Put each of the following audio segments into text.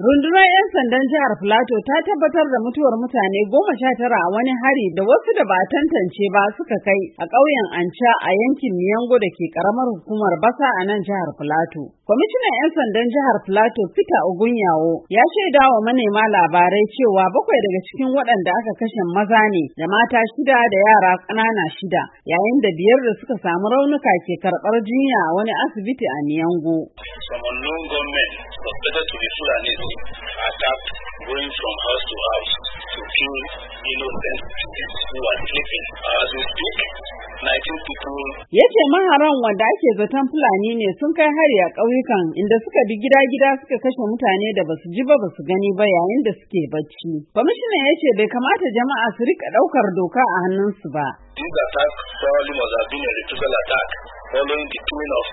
Rundunar 'yan sandan jihar Filato ta tabbatar da mutuwar mutane goma sha tara a wani hari da wasu da ba tantance ba suka kai a ƙauyen Anca a yankin niyango da ke ƙaramar hukumar Basa a nan jihar Filato. Kwamishinan 'yan sandan jihar Filato Peter Ogunyawo ya shaida wa manema labarai cewa bakwai daga cikin waɗanda aka kashe maza ne da mata shida da yara ƙanana shida yayin da biyar da suka samu raunuka ke karɓar jinya a wani asibiti a niyango. from unknown government suspected to be Fulani attack going from house to house to kill innocent who are sleeping. Uh, as we speak, 19 Ya ce maharan wanda ake zaton Fulani ne sun kai hari a ƙauyukan inda suka bi gida-gida suka kashe mutane da basu ji ba basu gani ba yayin da suke bacci. Kwamishinan ya ce bai kamata jama'a su rika ɗaukar doka a hannunsu ba. This attack probably must have been a reprisal attack following the killing of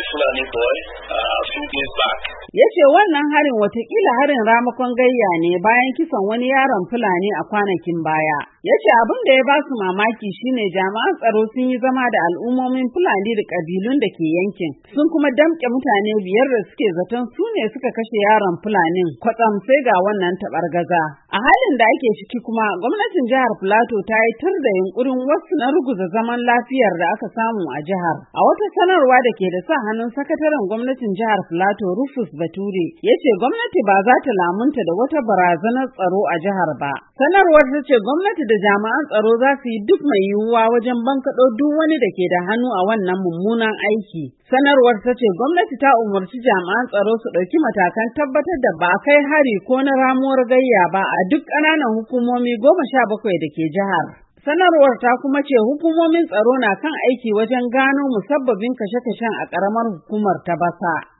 a Fulani boy uh, shoot days back. ya ce wannan harin watakila harin ramakon gayya ne bayan kisan wani yaron fulani a kwanakin baya ya ce abin da ya ba su mamaki shine jami'an tsaro sun yi zama da al'ummomin fulani da kabilun da ke yankin sun kuma damƙe mutane biyar da suke zaton su ne suka kashe yaron fulanin kwatsam sai ga wannan tabargaza a halin da ake ciki kuma gwamnatin jihar Filato ta yi tur da yunkurin wasu na ruguza zaman lafiyar da aka samu a jihar a wata sanarwa da ke da sa hannun sakataren gwamnatin jihar Filato, rufus Bature ya ce gwamnati ba za ta lamunta da wata barazanar tsaro a jihar ba. Sanarwar ta ce gwamnati da jami'an tsaro za su yi duk mai yiwuwa wajen bankaɗo duk wani da ke da hannu a wannan mummunan aiki. Sanarwar ta ce gwamnati ta umarci jami'an tsaro su ɗauki matakan tabbatar da ba kai hari ko na ramuwar gayya ba a duk ƙananan hukumomi goma sha bakwai da ke jihar. Sanarwar ta kuma ce hukumomin tsaro na kan aiki wajen gano musabbabin kashe-kashen a ƙaramar hukumar ta basa.